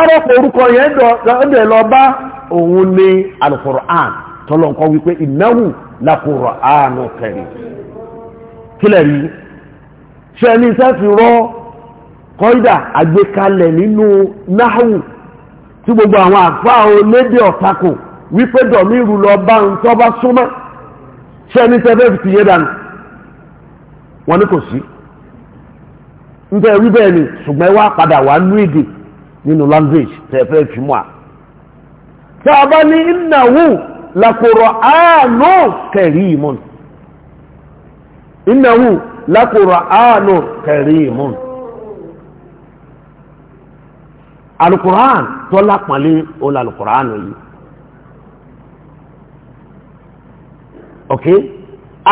ọ̀rọ̀pọ̀ orúkọ yẹn dẹ̀ lọ bá òun ní alukur'an tọ́lọ̀nkọ́ wípé ìnáwó lakur'an kẹrì kílẹ̀ rí ṣe sẹ́fì rọ kọ́ídà àgbékalẹ̀ nínú náhù tí gbogbo àwọn àfá olédè ọ̀tako wípé dọ̀míru lọ bá ń tọ́ bá súnmọ́ sẹ́fì ni ṣùgbọ́n wá padà nínú language tẹ̀fẹ́ fi mú a tí a bá ní ìnáwó lakòrò àánú kẹrí ìmún ìnáwó lakòrò àánú kẹrí ìmún alukùrán tó lápàlẹ́ olú alukùrán yìí ok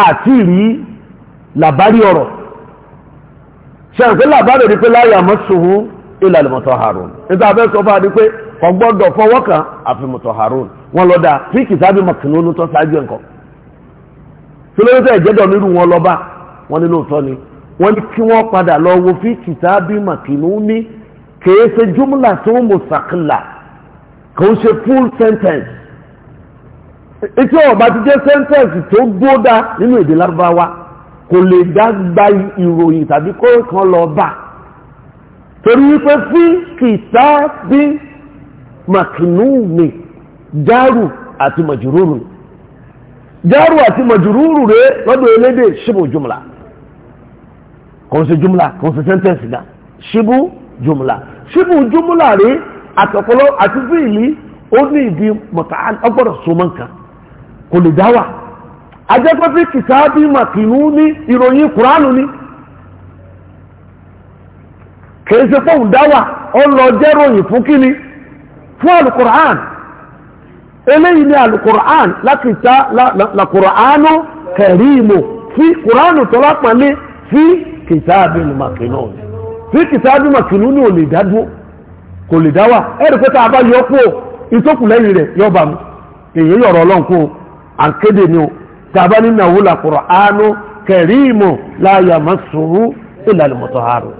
àti rí làbárí ọ̀rọ̀ ṣe àgbélàbárí rí pé láyà mọ́ sùn ilal mutahharun nígbà bẹ́ẹ̀ sọ fún adi pé kò gbọ́dọ̀ fọwọ́ kan àfi mutahharun wọn lọ da fi kìtàbí makinonu tó ṣáájú ẹ̀kọ́ tolóyún ìjẹ́dọ̀ nírú wọn lọ́ba wọn ní lóòótọ́ ni wọ́n ní kí wọ́n padà lọ wo fi kìtàbí makinoni kèé ṣe jumla tó mùsàkìlà kò ń ṣe full sentence etí ọba ti jẹ́ sentence tó gbódà nínú èdè lárúbáwá kò lè dá gba ìròyìn tàbí kó kan lọ torí wípé fí kìtàbí màkìnúùmí járù àti màjúrúrù járù àti màjúrúrù rẹ̀ lọ́dọ̀ elédè ṣíbù jùmùlà kò sí jùmùlà kò sí sẹ́ńtẹ̀nsì náà ṣíbù jùmùlà ṣíbù jùmùlà rẹ̀ àtọ̀pọ̀lọ́ àti fíìlì ó ní ìdí mọ̀tà ọgbọ́dọ̀ sọmọ́ǹkà kò lè dáwà ajẹ́pẹ́ fí kìtàbí màkìnúùmí ìròyìn kùránù ni kìí ṣe fóun dáwà ọlọ jẹ́ròyìn fún kíni fún alukur'an eléyìí ni alukur'an lákìtá lakur'anu kẹrìmù fi kur'anu tọ́lá pàlẹ́ fi kìtàbí màkínú fi kìtàbí màkínú ní ò lè dádúró kò lè dáwà ẹ̀rì pé tá a bá yọ kú ìtókù lẹ́yìn rẹ̀ yọba mu èyí yọ̀rọ̀ ọlọ́run àkéde ni o tá a bá nínú àwòlà kẹrìmù láyà máa àrùn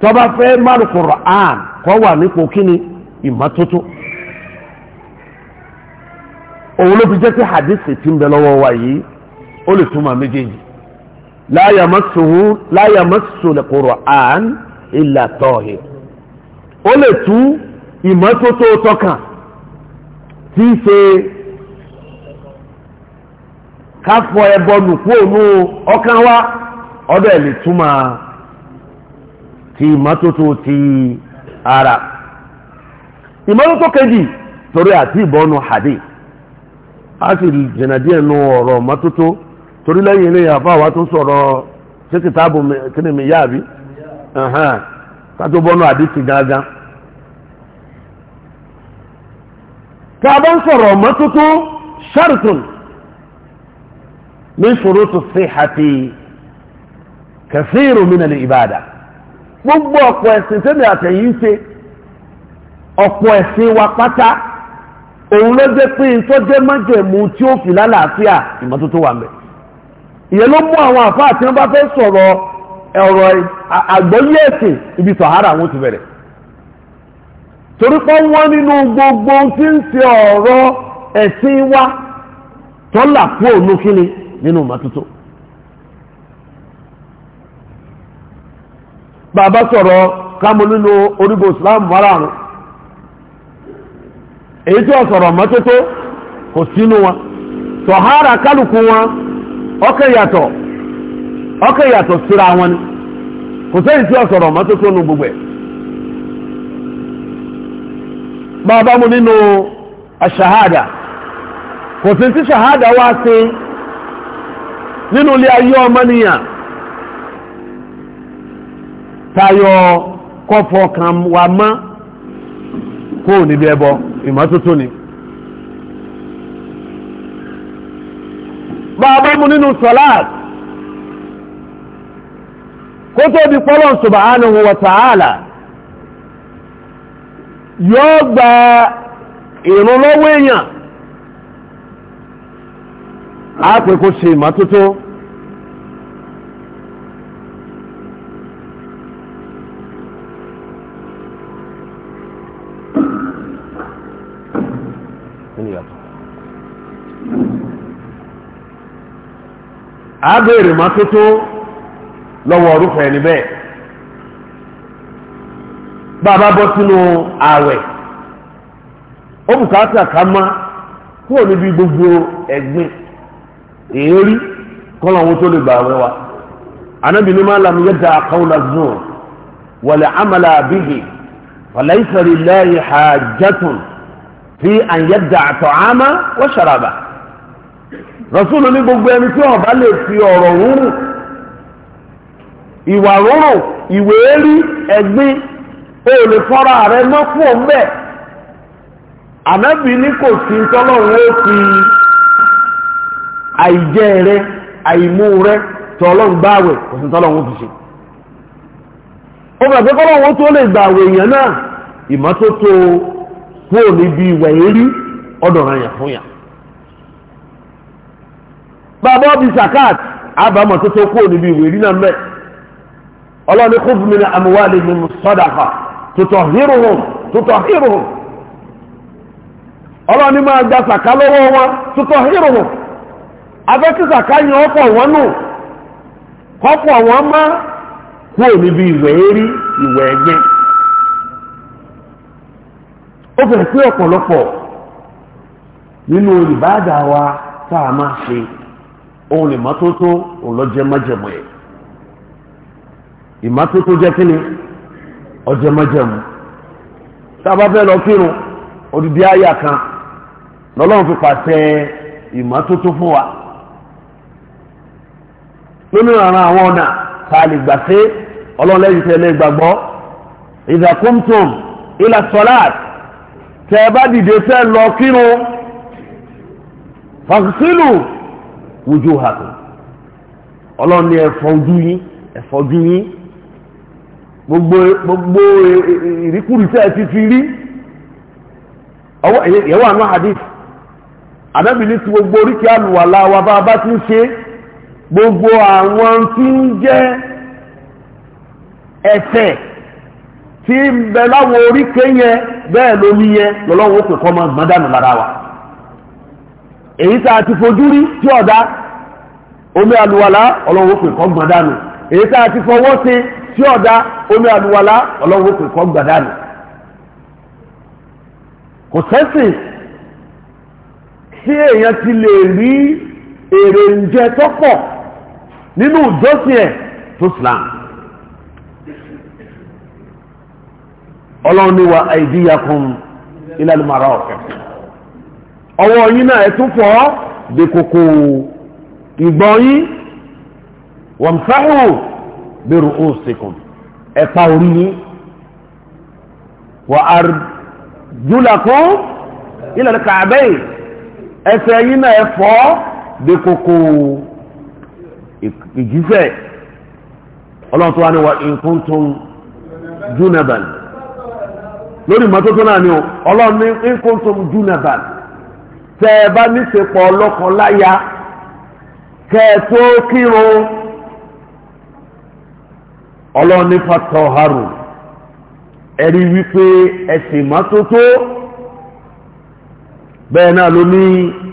tọba fẹ́ márù Qur'an kọ́ wà nípò kíni ìmọ́tótó hadith ti ń bẹ lọ́wọ́ wa yìí ó lè túmọ̀ méjèèjì la yamassuhu la yamassu illa ó lè tú ìmọ́tótó tọ́kàn tí í ṣe káfọ ẹbọ nùkú òun ọkàn ti ìmọ́tótó ti ara ìmọ́tótó kejì torí àti ìbọnu hàdí a sì jìnà díẹ̀ nú ọ̀rọ̀ mọ́tótó torí lẹ́yìn ilé àfáwà tó sọ̀rọ̀ sí kìtàbù kínìmí yáàbí kátó bọ́nu àdìsí gángan tí a bá ń sọ̀rọ̀ mọ́tótó shartun min shurutu sihhati kathiru min al-ibada gbogbo ọ̀pọ̀ ẹ̀sìn tẹ́mi àtẹ̀yìn ṣe ọ̀pọ̀ ẹ̀sìn wa pátá òun ló jẹ́ pé ìtọ́jẹ́ májẹ̀mú tí ó fi lálàáfíà ìmọ́tótó wà mẹ́ ìyẹn ló mú àwọn àfáà tí wọ́n bá fẹ́ sọ̀rọ̀ ọ̀rọ̀ àgbọ́yé ẹ̀sìn ibi wọn ti bẹ̀rẹ̀ torí pé wọ́n nínú gbogbo tí ń ṣe ọ̀rọ̀ ẹ̀sìn wa tọ́lá bàbá sọ̀rọ̀ kámú nínú orígun islam márààrún èyí tí wọ́n sọ̀rọ̀ mọ́tótó kò sínú wọn tọ̀hárà kálukú wọn ọkẹ́ yàtọ̀ síra wọn ni kò sẹ́yìn tí wọ́n sọ̀rọ̀ mọ́tótó nu gbogbo ẹ̀ bàbá mu nínú aṣahada kò sí tí tayọ kọ́fọ́ kan wa mọ́ kó o níbi ẹbọ ìmọ́tótó ni. bàbá mu nínú sọláàt kó tó di pọ́lọ̀ subhanahu wa ta'ala yóò gba ìrún èèyàn á pè kó ṣe ìmọ́tótó. a béèrè mọ́tótó lọ́wọ́ orúkọ ẹni bẹ́ẹ̀ bàbá bọ́ sínú ààwẹ̀ ó bùkátà ká má kúrò níbi gbogbo ẹ̀gbin èérí kọ́lọ̀wọ́ tó lè gbà àwẹ̀ wa anábì ní máa yadda qawla zur wala amala bihi falaysa lillahi hajjatun fi an yadda ta'ama wa sharaba rọ́sùlù ní gbogbo ẹni tí ọba lè fi ọ̀rọ̀ rúrù ìwà rúrù ìwé rí ẹ̀gbin o lè rẹ mọ́ fún ànábì ní kò sí tọ́lọ́run ó fi àìjẹ rẹ àìmú rẹ tọ́lọ́run gbáwẹ̀ kò sí tọ́lọ́run ó fi ṣe ó bẹ̀rẹ̀ pé kọ́lọ́run tó lè gbàwẹ̀ èèyàn náà ìmọ́tótó kúrò níbi bàbá ọbí zakat àbámọ̀ tó tó kúrò níbi ìwé rí náà mẹ́ ọlọ́ni kó fún mi ní àmúwálé ní sọ́dàfà tuntun hírùhùn tuntun hírùhùn ọlọ́ni máa gba lọ́wọ́ wọn tuntun hírùhùn abẹ́tí wọn nù kọ́pọ̀ wọn má kúrò níbi ìwé rí ìwé ẹgbẹ́ ó fẹ́ ọ̀pọ̀lọpọ̀ nínú wa tá a máa ṣe òun lè mọ́tótó òun lọ jẹ́ ẹ̀ ìmọ́tótó jẹ́ kí ni ọjẹ́ májẹ̀mú tá a bá fẹ́ lọ kírun odidi àyà kan lọ́lọ́run fi pàṣẹ ìmọ́tótó fún wa nínú ìrànà àwọn ọ̀nà tá a lè gbà sí ọlọ́run lẹ́yìn tẹ̀lé gbàgbọ́ ìdàkúntùm ìlà sọ́láàt tẹ̀ bá dìde tẹ́ lọ kírun fàkìsílù wujuhakum ọlọ́run ní ẹ̀fọ́ ojú yín ẹ̀fọ́ gbogbo gbogbo ìríkùrìsẹ́ ti fi rí ọwọ́ ìyẹ́wà náà hadith ti gbogbo oríkì àlùwàlá wa bá bá ti ń ṣe gbogbo àwọn tí ń jẹ́ ẹ̀fẹ̀ tí ń bẹ láwọn oríkè yẹn bẹ́ẹ̀ ló ní yẹn lọ́lọ́wọ́ èyí tá ti fojú rí tí ọ̀dá omi àlùwàlá ọlọ́wọ́ kọ́ gbọ̀dánù èyí tá ti fọwọ́ sí tí ọ̀dá omi àlùwàlá ọlọ́wọ́ kọ́ gbọ̀dánù kò tí ti lè rí èrè nínú ẹ̀ tó ọwọ́ yín náà ẹ tún fọ̀ de kòkò ìgbọ̀n yín wamsahu bi ru'usikum ẹ pa orí yín wa arjulakum ila al-ka'bayn ẹsẹ̀ yín náà ẹ fọ̀ de kòkò ìjísẹ̀ ọlọ́run tó wá ní wa in kuntum lórí mọ́tótó náà ni ọlọ́run ní in kuntum tẹ ẹ bá níṣepọ̀ ọlọ́kan láya kẹ ẹ tó kírun ọlọ́ọ̀ni fatọ̀ haru ẹ̀rí wípé ẹ̀sìn mọ́tótó bẹ́ẹ̀ náà ló ní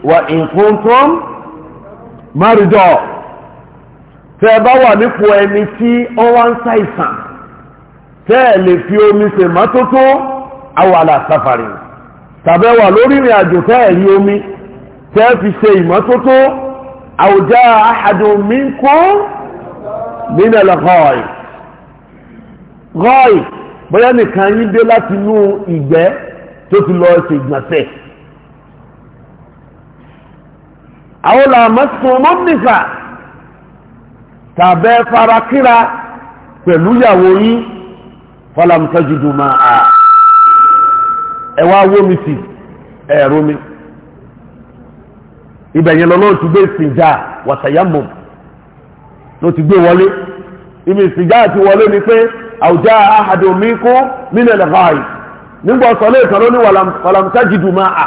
wà ìfúntún márùjọ tẹ ẹ bá wà nípò ẹni tí ó wá ń ṣàìsàn tẹ lè fi omi ṣe mọ́tótó àwọn àlà sáfàrì tàbẹ́ wà lórí ìrìn àjò tẹ́ẹ̀rí omi tẹ́ fi ṣe ìmọ́tótó àwùjá ahadun minkum min al-ghai ghai bóyá nìkan yín dé láti inú ìgbẹ́ tó ti lọ ṣe ìgbọ̀nsẹ̀ àwọn làmọ́sùn mọ́mìsà tàbẹ́ farakíra pẹ̀lú ìyàwó yín falam tajidu ma'a ẹwà wómi sí ẹ̀rú mi ibẹ̀yìn lọ lóòtú gbé ìsìnjà wàtàyàmù ló ti gbé wọlé ibi ìsìnjà àti wọlé ni pé àwùjá ahàdè omi kú mílẹ̀ lẹ́fàáyì nígbà ọ̀sán lè tán lóní wàlàmùtájìdù máa à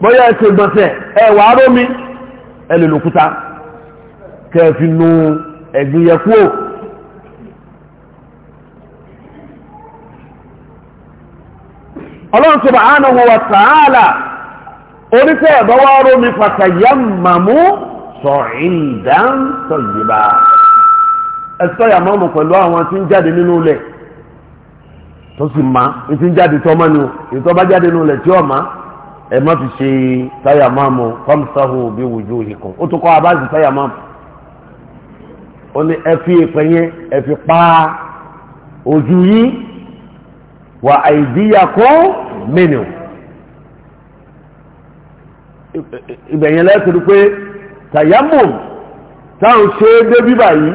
bóyá ẹsẹ̀ gbọ̀nsẹ̀ ẹ̀wà arómi ẹ̀lẹ́lòkúta kẹ́ẹ̀fì nu ẹ̀gbìyẹ̀kú ò ọlọ́run subhanahu wa ta'ala oníṣẹ́ ẹ̀bọ́ wá rómi fatayammamu sa'idan tayyiba ẹ̀sọ́ yàmọ́mù pẹ̀lú àwọn tí ń jáde nínú ilẹ̀ tó sì má tí ń jáde tọ́mọ́ ni ìtọ́ bá jáde nínú ilẹ̀ tí ọ̀ma ẹ̀ má fi ṣe tayammamu famsahu bi wujuhikum ó tún kọ́ abáàzì tayammamu ó ní ẹ fi ìpẹ́yẹ ẹ fi pa ojú yìí wa aidiyakum minhu ìgbẹ̀yìn lẹ́sìn pé tayammum táwọn ṣe é dé bíbà yìí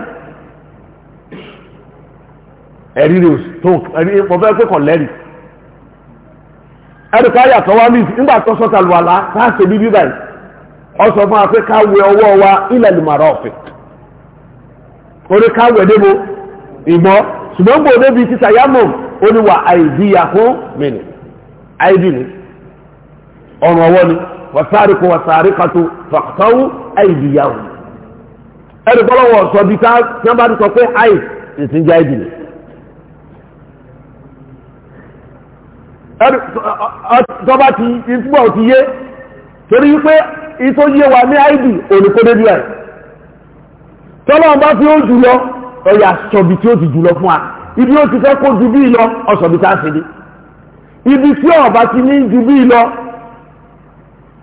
ẹ̀rí rẹ̀ tó ẹ̀rí pọ̀fẹ́ pé kọ̀ lẹ́rì ẹ̀rí káyà tó wá níbi nígbà tó sọ́ta lù àlá ṣe bí yìí ọ sọ fún wa pé ká wẹ ọwọ́ wa ilẹ̀ lè màrà ọ̀fẹ́ orí ká wẹ̀ débo ìmọ̀ ṣùgbọ́n gbòdébi ó ní wà àìdíyà fún mìíní àìdí ni ọ̀rùn ọwọ́ ni wàsáríkù wàsáríkàtù fàkàtàwù àìdíyà wù ẹni kọ́lọ́wọ́ sọ bí ká tí wọ́n bá ti sọ pé àì ìsìn jẹ́ àìdí ni tọ́ba ti ìtúbọ̀ ti yé torí pé ìtó yé wa ní àìdí òníkódé bí tọ́lọ́wọ́n bá fi ó jùlọ ọ̀yà sọ̀bì tí ó ti jùlọ fún wa ibi ó ti fẹ́ kó ju bíi lọ ọ̀sọ̀ bíi tá ibi tí ọba ti ní ju bíi lọ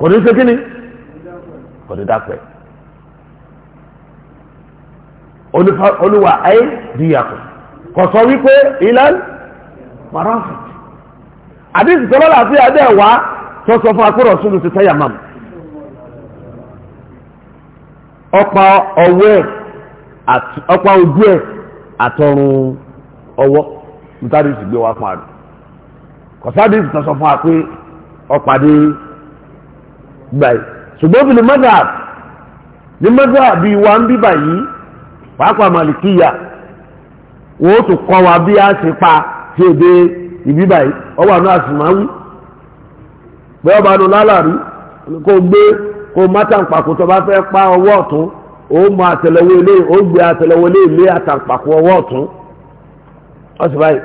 kò ní ṣe kí ni kò ní dápẹ́ olúwa ayé díyàtọ̀ kò sọ wípé ilẹ̀ marafa àdìsí tọ́lá láti adé ẹ̀wá tó sọ fún akúrọ̀ sínú ti tẹ́yà máa ọ̀pá ọwọ́ ọ̀pá ojú ẹ̀ àtọrun ọwọ́ nítàdísì gbé wa fún àdùn kọ̀sádìsì kan sọ fún wa pé ọ̀pàdé gbà ṣùgbọ́n fi ní mazhab ní mazhab bíi wa ń pàápàá wọ́n tún kọ́ wa bí a ṣe pa ṣe èdè ìbíbà yìí ọwọ́ àná àṣìmáwí bẹ́ẹ̀ nu lálàrí gbé mátàǹpàkò tó bá fẹ́ pa ọwọ́ ọ̀tún ó mọ ó gbé ilé àtàǹpàkò ọwọ́ ọ̀tún ọ̀sùn báyìí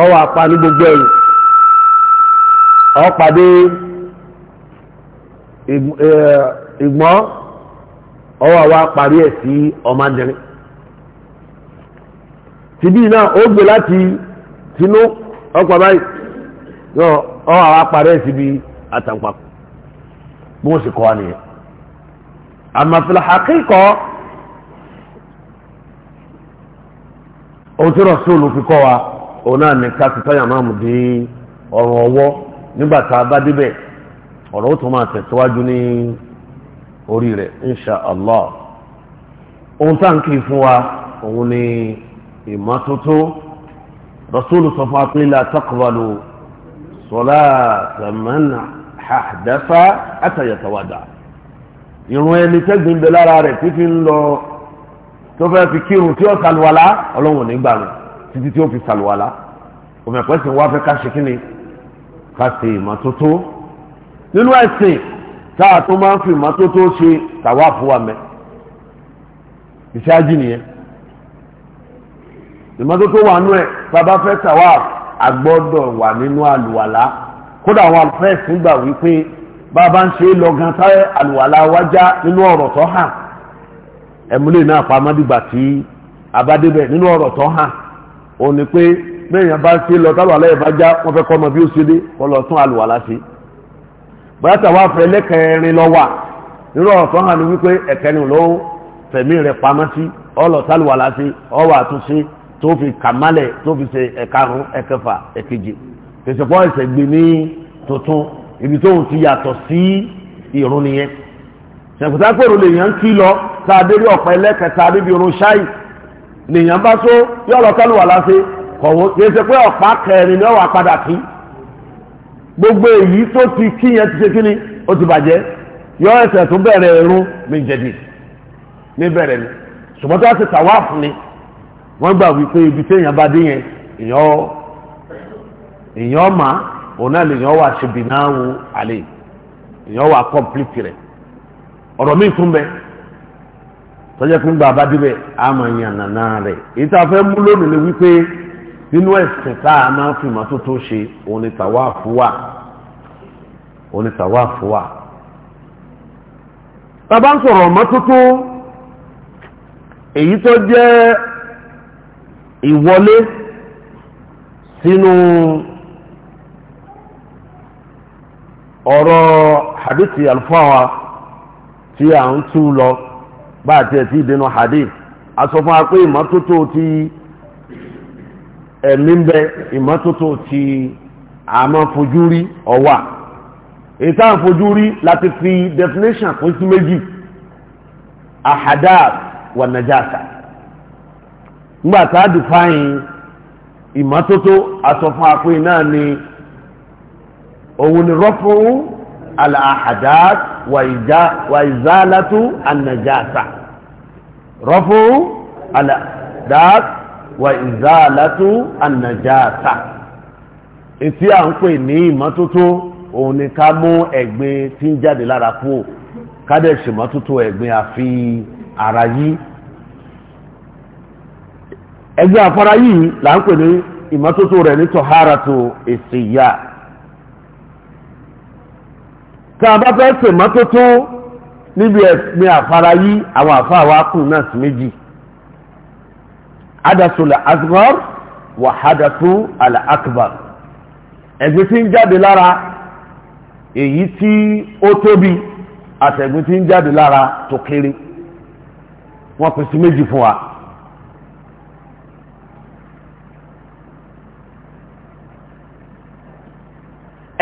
ọwọ́ apá ní gbogbo ẹ̀yìn ọ̀pàdé ìgbọ́n ọwọ́ àwa parí ẹ̀ sí ọmọdérin tìbí náà ó gbé láti tinú ọ̀pá báyìí ọwọ́ àwa parí ẹ̀ síbi àtàǹpàkù bí wọ́n sì kọ́ wa nìyẹn àmàfilà àkíkọ́ ohun tí rọ̀ṣọ́ọ̀lù fi kọ́ wa òun náà ní ká ti táyà máa mú dé ọ̀rọ̀ ọwọ́ nígbà tá a bá débẹ̀ ọ̀rọ̀ ó tún máa tẹ̀síwájú ní orí rẹ̀ insha allah ohun tá à ń kì í fún wa òun ni ìmọ́tótó rọ̀ṣọ́ọ̀lù sọ fún apínlẹ̀ àtàkùnbalù sọlá tẹ̀mẹ́nà àdáfà àtàyàtàwàdà ìrún ẹni tẹ́gbìn bẹ lára rẹ̀ títí ń lọ tó fẹ́ fi kírun tí ó sàlùwàlá ọlọ́run ní gbàrún títí tí ó fi sàlùwàlá òmì ẹ̀pẹ́sìn wá fẹ́ ká ṣe kíni ká ṣe ìmọ́tótó nínú ẹ̀sìn táà tó máa ń fi ìmọ́tótó ṣe tàwa fúwa mẹ́ ìṣáájì nìyẹn ìmọ́tótó wà nú ẹ̀ bàbá fẹ́ tàwa àgbọ́dọ̀ wà nínú àlùwàlá kódà àwọn àfẹ́sìn gbà wípé bàbá ń ṣe lọ́gán táyẹ̀ àlùwàlá wájá nínú ọ̀rọ̀ tó hàn ẹ̀múlẹ̀ náà pamọ́ dìgbà tí abádébẹ̀ nínú ọ̀rọ̀ tó hàn òun ni pé mẹ́yìn bá ṣe lọ tálọ̀ alẹ́ ìbá já wọ́n fẹ́ kọ́ ọmọ bí ó ṣe dé kọ́ lọ tún àlùwàlá ṣe bóyá tàwa fẹ́ lẹ́kẹ̀ẹ́rin lọ wà nínú ọ̀rọ̀ tó hàn ní wípé ẹ̀kẹ́rin ló fẹ̀mí rẹ̀ pamọ́ sí ọlọ̀ tálùwàlá ṣe ọwọ́ àtúnṣe tó fi kàmálẹ̀ tó fi ṣe ẹ̀karùn ẹ̀kẹfà ṣẹ̀kùtà pèrò lèèyàn ń kí lọ tá a débi ọ̀pẹ lẹ́kẹ̀ta débi orun ṣáì lèèyàn bá tó yọ lọ kánú wà láṣẹ kọ̀wọ́ kì í ṣe pé ọ̀pá kẹrin ni ó wà padà kí gbogbo èyí tó ti kí yẹn ti ṣe kí ni ó ti bàjẹ́ yọ ẹsẹ̀ tó bẹ̀rẹ̀ irun mi jẹ̀dì mi bẹ̀rẹ̀ ni ṣùgbọ́n tó wá ti tàwa fún ni wọ́n gbà wípé ibi tí èèyàn bá dé yẹn èèyàn mà òun náà lèèyàn wà ṣe bìnnáwó ọ̀rọ̀ míì fún bẹ́ẹ̀ tọ́jà fún gba abádìbẹ̀ a máa yan nàná fẹ́ mú lónìí wípé nínú ẹ̀sìn tá a máa fi mọ́tótó ṣe òun ni tàwáàfù wà òun ń sọ̀rọ̀ èyí tí à ń tún lọ bá àti ẹ̀ tí ìdènà hadith asọ́fún apé ìmọ́tótó ti ẹ̀mí bẹ ìmọ́tótó ti àmọ́ fojú rí ọwà èyí táwọn fojú rí láti fi definition fún sí méjì ahadath wà najasa nígbà tá a ìmọ́tótó asọ́fún apé náà ni òun ni rọ́pùn al-ahadat wa izalatu an-najasa rafu al-ahadat wa izalatu an-najasa etí à ń pè ní ìmọ́tótó òun ni ká mú ẹ̀gbin tí ń jáde lára kúrò kádẹ̀ṣì mọ́tótó ẹ̀gbin àfi ara yìí ẹgbẹ́ àfara yìí là ń pè ní ìmọ́tótó rẹ̀ ní tọ̀hárà tó tá a bá fẹ́ ṣe mọ́tótó níbi ẹ̀sìn àfara yí àwọn àfáà wa kù náà sí méjì hadathul asghar wà hadathul akbar ẹ̀gbin tí ń jáde lára èyí tí ó tóbi àtẹ̀gbin tí ń jáde lára tó kéré wọ́n pín sí méjì fún wa.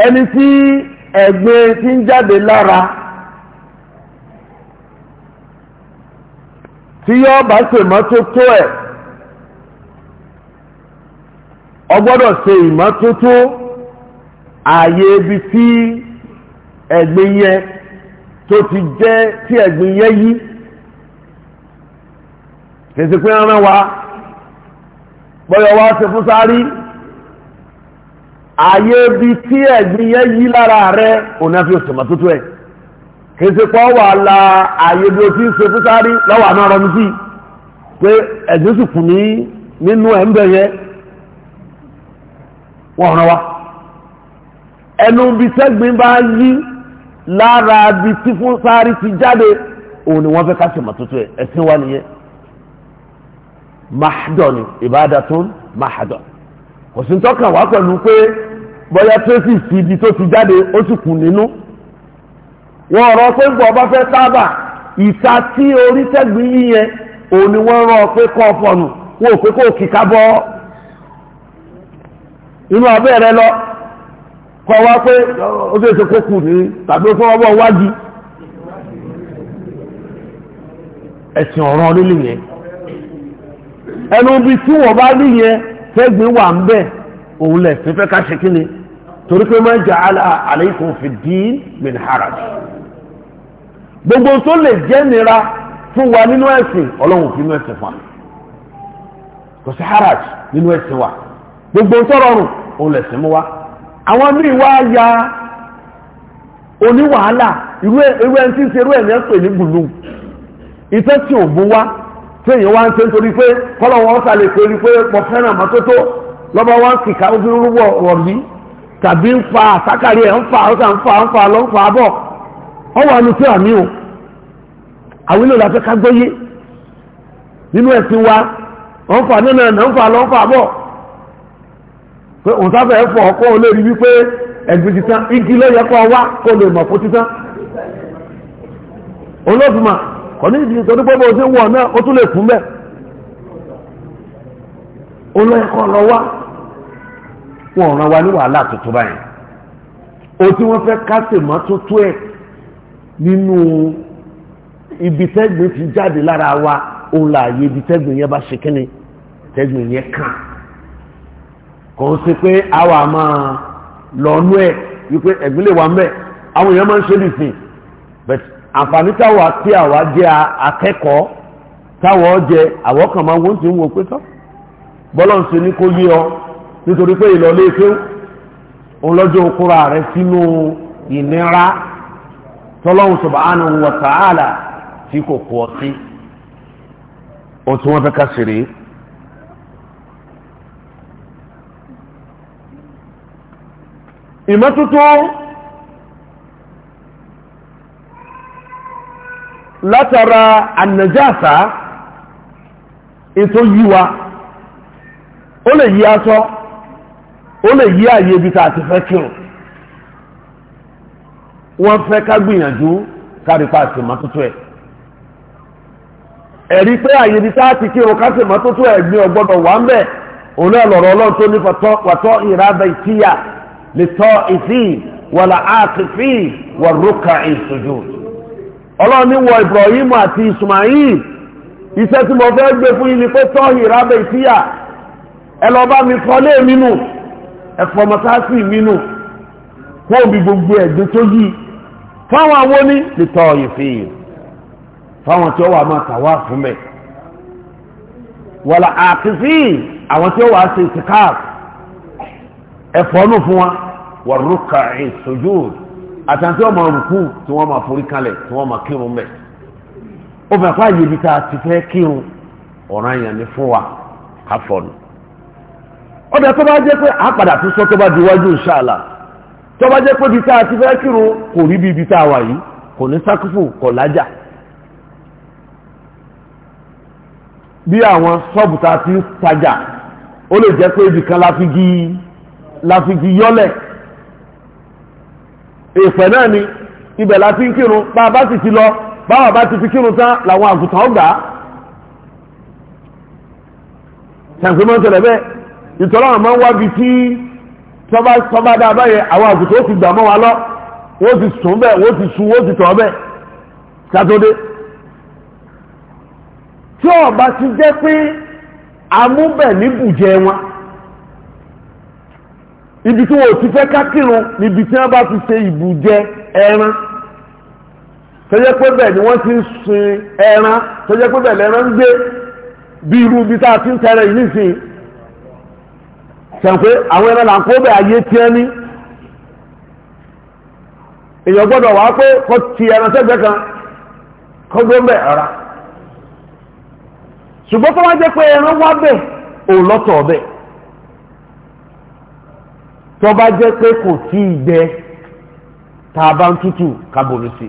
ẹni tí ẹ̀gbin tí ń jáde lára tí yóò bá ṣèmọ́tótó ẹ̀ ó gbọ́dọ̀ ṣe ìmọ́tótó ààyè ibi tí ẹ̀gbin yẹn tó ti jẹ́ tí ẹ̀gbin yẹn yí kìí ṣe pé rán wa bọ́yọ̀ wá ṣe fún sáré. ààyè ibi tí yí lára rẹ òun fi oṣù mọ́tótó ẹ kèsì pọ̀ wà la o ti ń ṣe fúsárí lọ́wọ́ àmọ́ ọ̀rọ̀ pé ẹ̀gbin sì ní nínú ẹ̀ ń wa ẹnu ibi bá yí lára ibi tí ti jáde òun kò sí tọ́kàn wá pẹ̀lú pé bóyá tracy sí ibi tó ti jáde ó sì kù nínú wọn rọ pé bọ̀ ọba fẹ́ sábà ìta tí orí tẹ́gbìn yíyẹn òun ni wọ́n rọ pé kọ́ ọ̀fọ̀nù wọn ò pé kó kíkà bọ́ inú abẹ́ rẹ lọ kọ́ wá pé ó sì ṣe kó kù ní tàbí ó fún ọwọ́ wájú ẹ̀sìn ọ̀ràn lílì yẹn ẹnu ibi tí wọ́n bá rí yẹn tẹ́gbìn wà ń bẹ̀ òun lẹ̀ fífẹ́ ká ṣe kíni torí pé ma ja'ala alaykum fi din min haraj gbogbo tó lè jẹ́ nira fún wa nínú ẹ̀sìn ọlọ́run fi inú ẹ̀sìn fún wa kò sí haraj nínú ẹ̀sìn wa gbogbo tó rọrùn òun lẹ̀sìn mú wa àwọn míì wá ya oníwàhálà irú ẹni tí ń ṣe irú ẹ̀ ní pè ní gbùlù ìfẹ́ tí ò mú wa tí èyàn wá ń ṣe nítorí pé kọ́lọ̀ wọn sàlẹ̀ torí pé mo fẹ́ràn mọ́tótó lọ́ba wá ń kìkà ó fi rúbọ̀ rọ̀bí tàbí ń fa àsákàrí ẹ̀ ń fa ọ̀sà ń ọ wà nù tí àmì o àwílò la fẹ́ ká gbóyé nínú ẹ̀sìn wa ọ̀ ń fa nínú ẹ̀ ń fa lọ́ ń fa bọ̀ pé ẹ̀ olórí wípé ẹ̀gbìn titan igi wá kó lè mọ̀ fún kọ̀ ní ìdí torí pé bó ti wọ̀ náà ó tún lè fún bẹ́ẹ̀ olú ẹ̀kọ́ lọ wá wọn ò ràn ní wàhálà tuntun báyìí o tí wọ́n fẹ́ kásìmọ́ tuntun ẹ̀ nínú ibi tẹ́gbìn ti jáde lára wa òun là yé ibi tẹ́gbìn yẹn bá ṣe kíni tẹ́gbìn yẹn kàn kò ń ṣe pé àwa máa lọ́nú ẹ̀ wípé ẹ̀gbìn lè wà ń àwọn èèyàn máa ń ṣe nìsín àǹfààní táwa tí àwa jẹ́ akẹ́kọ̀ọ́ táwa jẹ àwọ̀ kan máa wọ́n ti ń wo pé tọ́ bọ́lọ́n ṣe ní kó yé ọ nítorí pé ìlọlé pé òun lọ́jọ́ okúra sínú ìnira tọ́lọ́hun subhanahu wa ta'ala tí kò kọ́ sí o tí wọ́n fẹ́ ká ṣe rèé látara ànàjáàsá ètò yíwa ó lè yí aṣọ ó lè yí àyè ibi tá a ti fẹ́ kírun wọ́n fẹ́ ká gbìyànjú kárípa àti mọ́tótó ẹ̀ ẹ̀rí pé àyè ibi tá a ti kírun ká sì mọ́tótó ẹ̀ gbìn ọgbọ́dọ̀ wà ń bẹ̀ òun náà lọ̀rọ̀ ọlọ́run tó ní ìrábẹ̀ ìtìyà lè tọ́ ìfì wàlà áàkìfì wà rúkà ìṣòjò ọlọ́run ní wọ Ibrahim àti Ismail iṣẹ́ tí mo fẹ́ gbé fún yín ni pé tọ́hì rábẹ̀ ìfíyà ẹ lọ bá mi fọlé mi nù ẹ̀fọ́ mọ́sáàsì mi nù kó omi gbogbo ẹ̀gbẹ́ tó yí fáwọn àwọn ní lè tọ́hì fìyìn fáwọn tí ó wà máa tàwa fún mẹ́ wọ̀là àkìfíì àwọn tí ó wà ṣe ìsìkáàf ẹ̀fọ́ fún wa wọ̀rùkà ìṣòjúùdù àtàntí ọmọ rùkú tí wọ́n máa forí kalẹ̀ tí wọ́n máa kírun mẹ́ ó fẹ́ kó àyè ibi tá a ti fẹ́ kírun ọ̀ràn yẹn ni fún wa ká fọ̀nù ọ̀dà tó bá jẹ́ pé a padà tún sọ tó bá di iwájú ìṣáàlà tó bá jẹ́ pé ibi tá ti fẹ́ kírun kò rí bí ibi tá wà yìí kò ní sákúfù kò lájà bí àwọn ṣọ́ọ̀bù tá ti tajà ó lè jẹ́ pé ibì kan láfi gí yọ́lẹ̀ èèfẹ̀ náà ni ibẹ̀ la ti ń kírun bá a bá sì ti lọ báwa bá ti fi kírun tán làwọn àgùntàn ọgbà ṣàǹfẹ́ mọ́ tẹ̀lẹ̀ bẹ́ẹ̀ ìtọ́lá àwọn máa ń wábi tí tọ́ba dáa báyẹn àwọn àgùntàn ó ti gbà mọ́ wa lọ wọ́n ti sùn bẹ́ẹ̀ wọ́n ti sun wọ́n ti tọ̀ bẹ́ẹ̀ sátọ́dé tí ọba ti jẹ́ pé amúbẹ̀ níbùjẹ wọn ibi tí wọ́n ti fẹ́ kákìrún níbi tí wọ́n bá ti ṣe ìbùjẹ ẹran tó jẹ́ pé bẹ́ẹ̀ ni wọ́n ti ń sin ẹran tó jẹ́ pé bẹ́ẹ̀ lẹ́ran ń gbé bí irú ibi tá a ti ń tẹrẹ yìí nísìnyí sẹ̀ǹpé àwọn ẹran là ń kó bẹ́ẹ̀ ayé tiẹ́ ní èèyàn gbọ́dọ̀ wá pé kó ti ẹran sẹ́gbẹ́ kan kó gbé bẹ́ẹ̀ rárá ṣùgbọ́n tó wá jẹ́ pé ẹran wá bẹ́ẹ̀ òun lọ́tọ̀ bẹ́ẹ̀ tó bá jẹ́ pé kò tí ì tá a bá ń tútù ká sí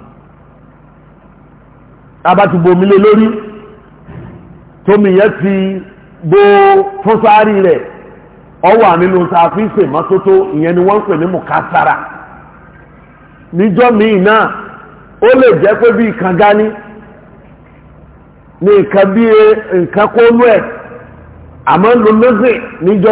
a bá ti bomi lé lórí tómi yẹn ti bó fúnsáárì rẹ̀ ọwọ́ àmínú tá a fi ń mọ́tótó ni wọ́n ń pè ní mùkására níjọ́ míì náà ó lè jẹ́ pé bí kànga ní ní nǹkan bí nǹkan kó ẹ̀ àmọ́ ń lo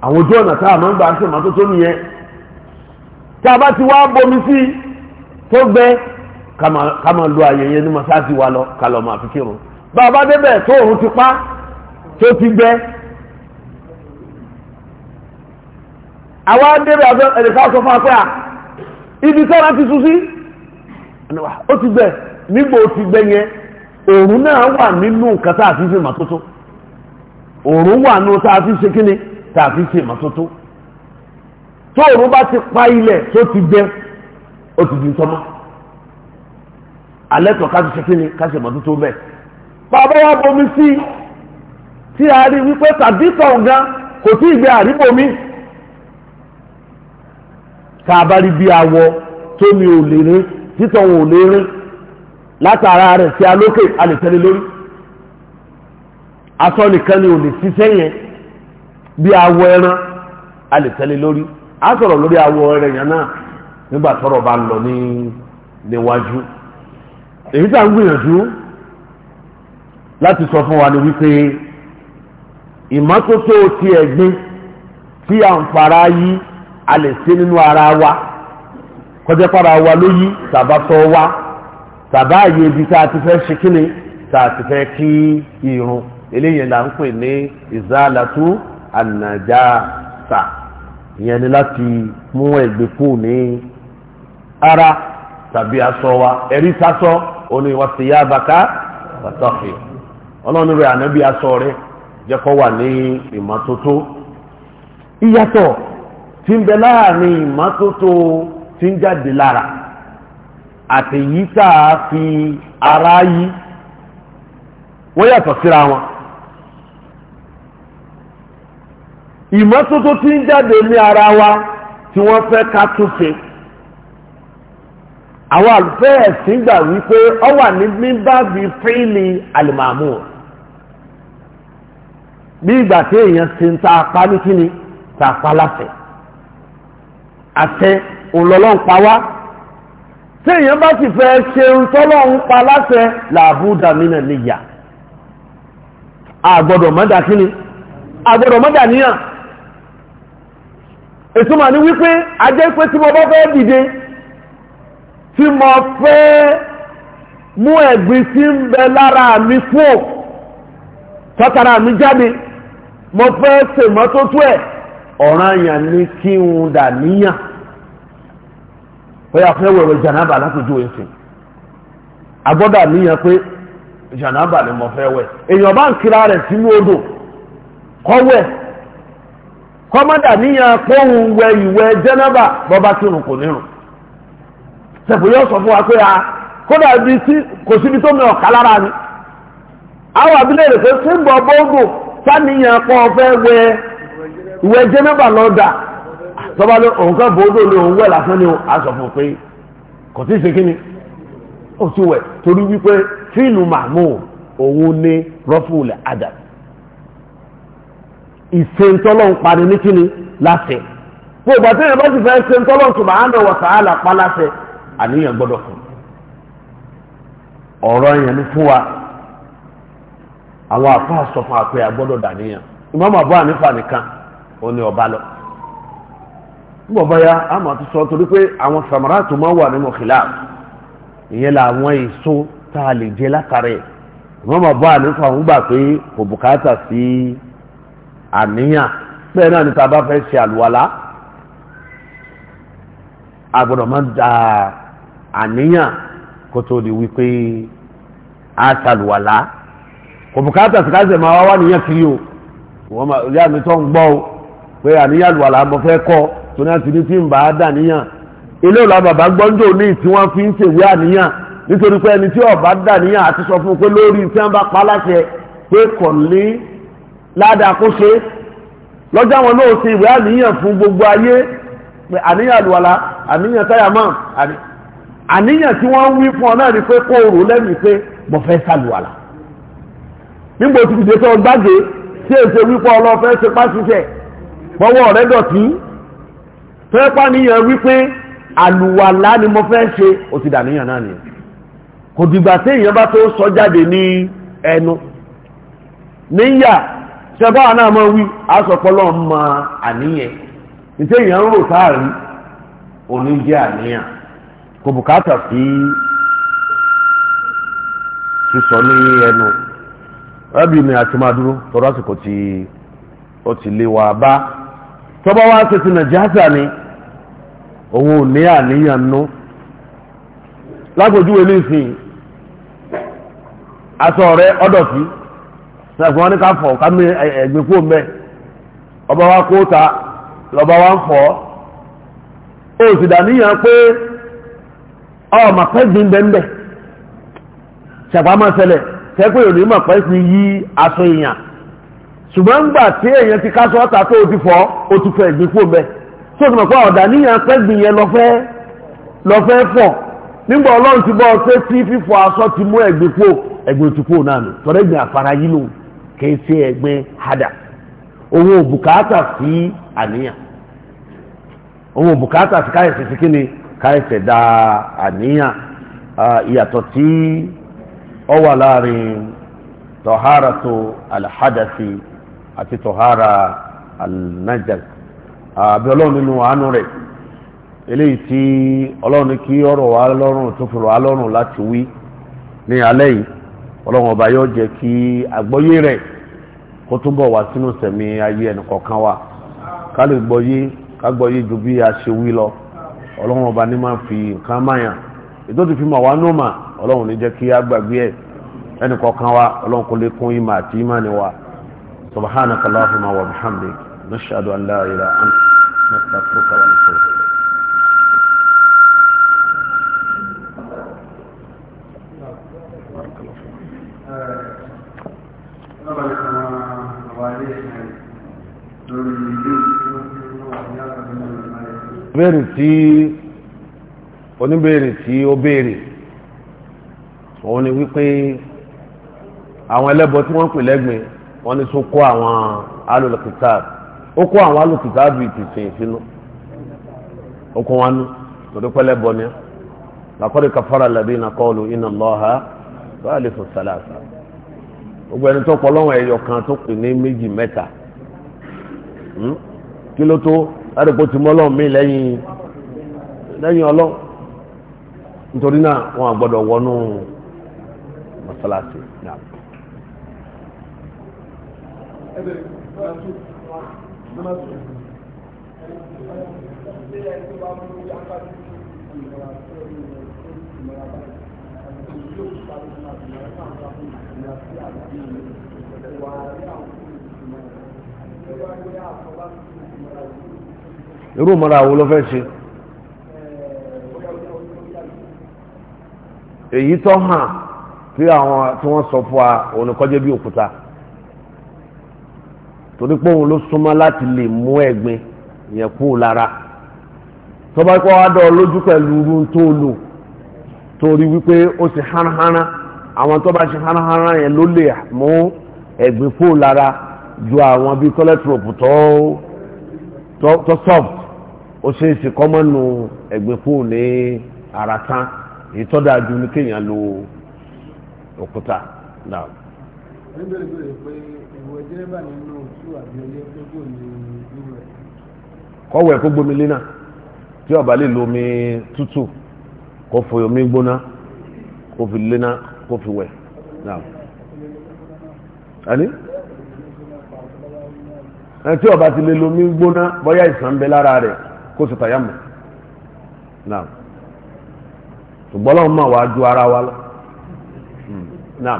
àwọn ojú ọ̀nà táà máa ń gbà ṣe ìmọ́tótó nìyẹn a bá ti wá bomi sí tó gbẹ ká máa lo àyè yẹn ní wa lọ ká lọ máa fi kírun bá débẹ̀ tó òun ti pa tó ti gbẹ àwa débẹ̀ ẹ̀dẹ̀ká sọ fún apẹ́ ibi tọ́ra ti sùn sí ó ti gbẹ nígbò ti gbẹ yẹn òòrùn náà wà nínú nǹkan tá a fi a fi ṣe tá a fi ṣe ìmọ́tótó tóòrùn bá ti pa ilẹ̀ tó ti gbẹ ó ti di ntọ́mọ́ alẹ́ kan ká ti ṣe kíni ká ṣe ìmọ́tótó bẹ́ẹ̀ bàbá wa bomi sí tí a rí wípé tàbí tọ̀ǹgá kò tí ì gbé àríbomi tá a bá rí bí awọ tómi ò lè rí títọ̀ wọn ò lè rí látara rẹ̀ sí alókè a lè tẹ̀lé lórí asọ́ nìkan ni ò lè ṣiṣẹ́ yẹn bí awọ ẹran a lè tẹ́lẹ̀ lórí a sọ̀rọ̀ lórí awọ ẹran yẹn náà nígbà tọ́rọ̀ bá ń lọ ní níwájú èyí tá ń gbìyànjú láti sọ fún wa ni wípé ìmọ́tótó ti ẹ̀gbin tí à ń fara yí a lè ṣe nínú ara wa kọjá para wa ló yí tàbá sọ wa tàbá àyè ibi tá a ti fẹ́ ṣe kíni tá a ti fẹ́ kí irun eléyìí là ń pè ní ìzálàtú ànàjáàsà ìyẹn ni láti mú ẹ̀gbẹ́ kù ní ara tàbí aṣọ wa ẹ̀rí sásọ òní wọ́n ti yá bàtà pàtàkì ọlọ́run rẹ̀ ànábì aṣọ rẹ jẹ́ kó wà ní ìmọ́tótó ìyàtọ̀ tí ń bẹ láàrin ìmọ́tótó tí ń jáde lára àtẹ̀yí tá a fi ara yí wọ́n yàtọ̀ síra wọn ìmọ́tótó tí ń jáde ní ara wa tí wọ́n fẹ́ ká tún ṣe àwọn àlùfẹ́ ẹ̀sìn gbà wípé ọ wà ní mímbàbí fíìlì àlìmàmù bí ìgbà tí èèyàn ṣe ń ta apá ní kíni ta apá láṣẹ àṣẹ òǹlọ́lọ́ ń pa wá tí èèyàn bá sì fẹ́ ṣe ń ń pa láṣẹ làbúdà mínà níyà àgbọ̀dọ̀ mọ́dà kíni àgbọ̀dọ̀ mọ́dà níyà ìtumọ̀ ni wípé ajẹ́ pé tí mo bá fẹ́ dìde tí mo fẹ́ mú ẹ̀gbin tí ń bẹ lára mi fò tọ́tara mi jáde mo fẹ́ ṣèmọ́tótó ẹ̀ ọ̀ràn yàn ni kí n dà níyàn bóyá fẹ́ wẹ̀wẹ̀ jànábà látòjú ẹ̀sìn agbọ́dọ̀ níyàn pé jànábà ni mo fẹ́ wẹ̀ èèyàn bá ń kira rẹ̀ kọ́mọ́dà níyàn pọ́hùn wẹ ìwẹ jẹ́nẹ́bà bọ́bá tí òun kò nírun sẹ̀fòyọ́ sọ fún wa pé a bí kò síbi tó mi ọ̀ká lára ni àwọn rẹ̀ pé sáníyàn pọ́ wẹ jẹ́nẹ́bà lọ́dà ló òun ló ń wẹ̀ lásán ni a sọ fún pé kò ìsentọ́lọ́n pani ní kíni láṣẹ fún ìgbà tí ìyẹn bá ti fẹ́ sentọ́lọ́n subhanahu wa ta'ala pa láṣẹ àníyàn gbọ́dọ̀ kù ọ̀rọ̀ yẹn ni fún wa àwọn àfa sọ àpẹ àgbọ́dọ̀ dàníyàn Imam Abu Hanifa nìkan ó ní ọba lọ nígbà bá ya a máa ti sọ torí pé àwọn samara tó máa wà nínú khilaf ìyẹn làwọn èso tá a lè jẹ látara ẹ Imam Abu Hanifa ń gbà pé kò bùkátà sí. Si àníyàn bẹ́ẹ̀ náà ni tá a bá fẹ́ ṣe àlùwàlá a gbọ́dọ̀ máa da àníyàn kó tó di wípé a ṣàlùwàlá kò bùkátà sí káṣẹ̀ máa wá wá níyàn kiri o wọ́n máa rí àmì tó ń gbọ́ o pé àníyàn àlùwàlá mo fẹ́ kọ́ tó ní àti ní tí ń bá a dà níyàn ilé ìlú àbàbà gbọ́njọ́ ní tí wọ́n fi ń ṣèwé àníyàn nítorí pé ẹni tí ó bá àti sọ fún un pé lórí tí wọ́n bá pa láṣẹ pé kò ní ládàá kó ṣe lọ́jọ́ àwọn náà ṣe ìwé àníyàn fún gbogbo ayé àníyàn àlùwàlà àníyàn táyàmọ́ àníyàn tí wọ́n ń wí fún ọ náà ni pé kó o rò lẹ́mìí pé mo fẹ́ sàlùwàlà nígbà tí kìdìtì ọ gbàgbé tí èsè wípé ọlọ́fẹ́ ṣe pàṣíṣẹ́ bọ́wọ́ rẹ dọ̀tí fẹ́pá níyàn wípé àlùwàlá ni mo fẹ́ ṣe ó ti dàníyàn náà nìyẹn kò dìgbà tí èèyàn bá tó sọ jáde ní ẹnu níyà ṣẹ̀bá àná àmọ́ wí aṣọpọ̀lọ́ mma àníyàn ìṣe èèyàn ń rò sáàrí òní jẹ́ àníyàn kò bùkátà sí sísọ ní ẹnu àti tọrọ àsìkò tí ó ti lé wa bá tọ́ba wá ṣe ti nàìjíríà ni òun ò ní àníyàn nú sẹ́fún wọn ka ká fọ̀ ká mi ẹ̀gbin kú ọba wa kó ta wa ń fọ̀ ó sì dàníyàn pé ọmọ pẹ́gbin bẹ́ńbẹ́ ṣàpamọ́ ṣẹlẹ̀ sẹ́pẹ́ òní mọ̀ pẹ́ sí yí aṣọ èèyàn ṣùgbọ́n gbà tí èèyàn ti káṣọ ọ̀tà tó ti fọ̀ ó ti fọ tó ti mọ̀ pé ọ̀dàníyàn pẹ́gbin yẹn lọ́fẹ́ fọ̀ nígbà ọlọ́run ti bọ́ ọ aṣọ ti mú ẹ̀gbin ẹ̀gbin ti náà nù tọ́lẹ́gbin yìí lòun kìí ṣe hada òun ò bùkátà sí àníyàn òun ò bùkátà sí káyọ̀sẹ̀ sí kíni káyọ̀sẹ̀ da àníyàn ìyàtọ̀ tí ó wà láàrin tọ̀hárà tó alhadasi àti tọ̀hárà alnajas àbí ọlọ́run nínú àánú rẹ̀ eléyìí tí ọlọ́run kí ọ̀rọ̀ wa lọ́rùn tó fi rọ̀ lọ́rùn láti wí ní alẹ́ yìí ọlọ́run ọba yóò jẹ́ kí rẹ rẹ̀ kó bọ̀ wá sínú sẹ̀mí ayé ẹnìkọ̀ọ̀kan wa ká lè gbọ́yé ká gbọ́yé ju bí a ṣe wí lọ ọlọ́run ọba ní máa fi nǹkan máyàn ètò ti fi mọ̀ wá nù mà ọlọ́run ní jẹ́ kí a gbàgbé ẹ̀ wa ọlọ́run kò lè kún ìmọ̀ àti ìmọ̀ ni wa an béèrè tí oníbéèrè tí ó béèrè òun ni wípé àwọn ẹlẹ́bọ tí wọ́n pè lẹ́gbẹ̀ẹ́ wọ́n ní tó kó àwọn alùpùpù ó kó àwọn alùpùpù bíi tìsín ó kó wọn nú torí pé ẹlẹ́bọ ni lakọ́dí kàfàrà lẹ́bí iná iná lọ́ha báyìí lè fò sálàsà gbogbo ẹni tó pọ̀ lọ́wọ́ ẹ̀yọ̀ kan tó Hmm? kí ló tó àdìpọ̀ ti mọ́ ọlọ́run mi lẹ́yìn lẹ́yìn ọlọ́run nítorí náà wọn àgbọ́dọ̀ wọnú mọ́sálásí náà. irú mara wo ló fẹ́ ṣe èyí tó hàn tí àwọn tí wọ́n sọ fún wa òun kọ́jẹ́ bí òkúta torí pé òun ló súnmọ́ láti lè mú ẹ̀gbin yẹn kú lára tó kọ́ wá lójú pẹ̀lú irú tó lò torí wípé ó sì hánahánà àwọn tó ṣe hánahánà ju àwọn bíi toilet rope tó tó soft ó ṣe é ṣe kọ́mọ́nù ẹ̀gbìn fóònù ní ara tán èyí tó dáa ju ní kéèyàn lo òkúta náà. oníbèrè bèrè pé ìwọ dẹ́rẹ́bà nínú òtú àbí kọ́wọ́ ẹ̀ kó gbomi lé náà tí ọba lè lo omi tútù kó fi omi gbóná kó fi lé náà kó fi wẹ̀ tí ọba ti lè lomi gbóná bọ́yá ìsàn bẹ lára rẹ̀ kó sì tàyà mọ̀ náà ṣùgbọ́n lọ́wọ́ máa wá ju ara wa lọ náà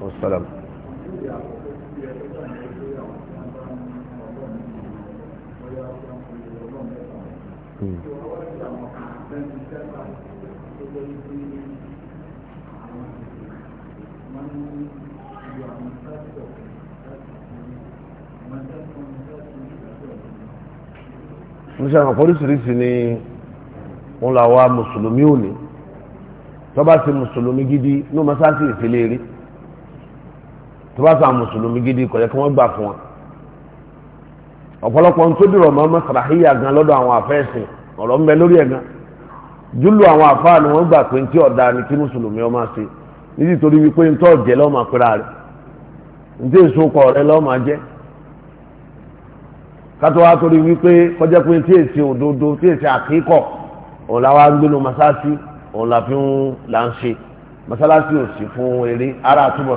kò sọ̀rọ̀. Mm-hmm. ń ṣe àwọn oríṣiríṣi ni ń la wa mùsùlùmí òní tọ́ba sí mùsùlùmí gidi ní mọ́sáàsì ìfẹ́lẹ́ rí tọ́ba sí àwọn mùsùlùmí gidi kò yẹ kí wọ́n gbà fún wa ọ̀pọ̀lọpọ̀ ń tó dìrọ̀ mọ́ mọ́sàràhíyà gan lọ́dọ̀ àwọn àfẹ́sìn ọ̀rọ̀ ń bẹ lórí ẹ̀ gan júlù àwọn àfáà ni wọ́n gbà pé ntí ọ̀dà ni kí mùsùlùmí ọmọ ṣe nítorí wípé ntọ́ jẹ́ lọ́mọ àpẹẹrẹ rẹ̀ ntí èso kọ̀ rẹ̀ lọ́mọ jẹ́ kátó wá torí wípé kọjá pé tí èsì òdodo tí èsì àkíkọ òun la wá ń gbénu masáàsì òun la fi ń là ń ṣe masáàsì ò sí fún eré ara túbọ̀